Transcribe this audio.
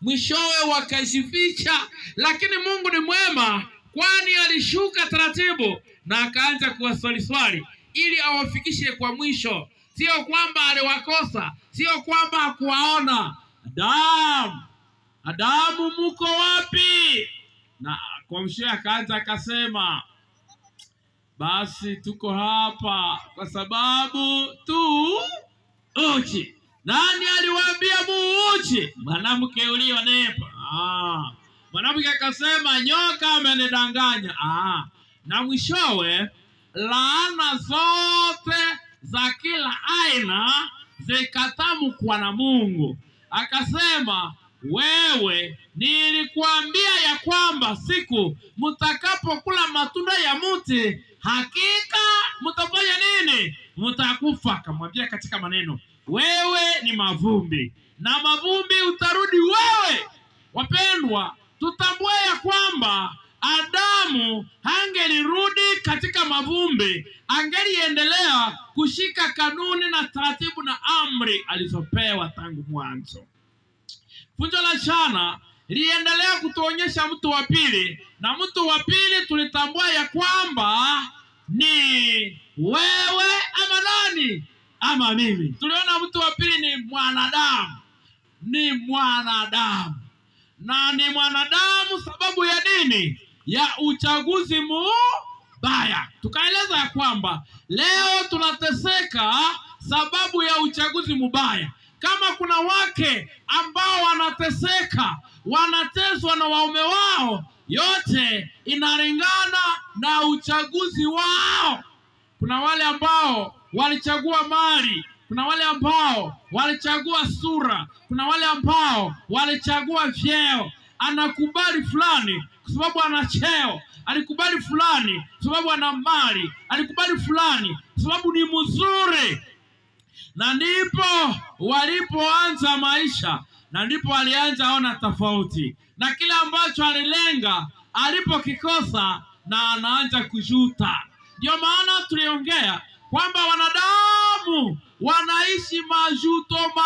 mwishowe wakajificha, lakini Mungu ni mwema, kwani alishuka taratibu na akaanza kuwaswaliswali ili awafikishe kwa mwisho. Sio kwamba aliwakosa, sio kwamba hakuwaona. Adamu, Adamu muko wapi? Na kwa mshe akaanza akasema, basi tuko hapa kwa sababu tu uchi. Nani aliwaambia Mungu? nchi. mwanamke ulionepa. Ah. mwanamke akasema nyoka amenidanganya. Ah. na mwishowe laana zote za kila aina zikatamkwa na Mungu, akasema wewe, nilikuambia ya kwamba siku mtakapokula matunda ya mti hakika mtafanya nini? Mtakufa. Akamwambia katika maneno, wewe ni mavumbi na mavumbi utarudi wewe. Wapendwa, tutambue ya kwamba Adamu hangelirudi katika mavumbi, angeliendelea kushika kanuni na taratibu na amri alizopewa tangu mwanzo. Funzo la jana liendelea kutuonyesha mtu wa pili, na mtu wa pili tulitambua ya kwamba ni wewe ama nani ama mimi. Tuliona mtu wa pili ni mwanadamu ni mwanadamu, na ni mwanadamu sababu ya nini? Ya uchaguzi mbaya Tukaeleza ya kwamba leo tunateseka sababu ya uchaguzi mubaya. Kama kuna wake ambao wanateseka, wanateswa na waume wao, yote inalingana na uchaguzi wao. Kuna wale ambao walichagua mali kuna wale ambao walichagua sura, kuna wale ambao walichagua vyeo. Anakubali fulani kwa sababu ana cheo, alikubali fulani kwa sababu ana mali, alikubali fulani kwa sababu ni mzuri, na ndipo walipoanza maisha, na ndipo alianza ona tofauti, na kile ambacho alilenga alipokikosa, na anaanza kujuta. Ndio maana tuliongea kwamba wanadamu wanaishi majuto ma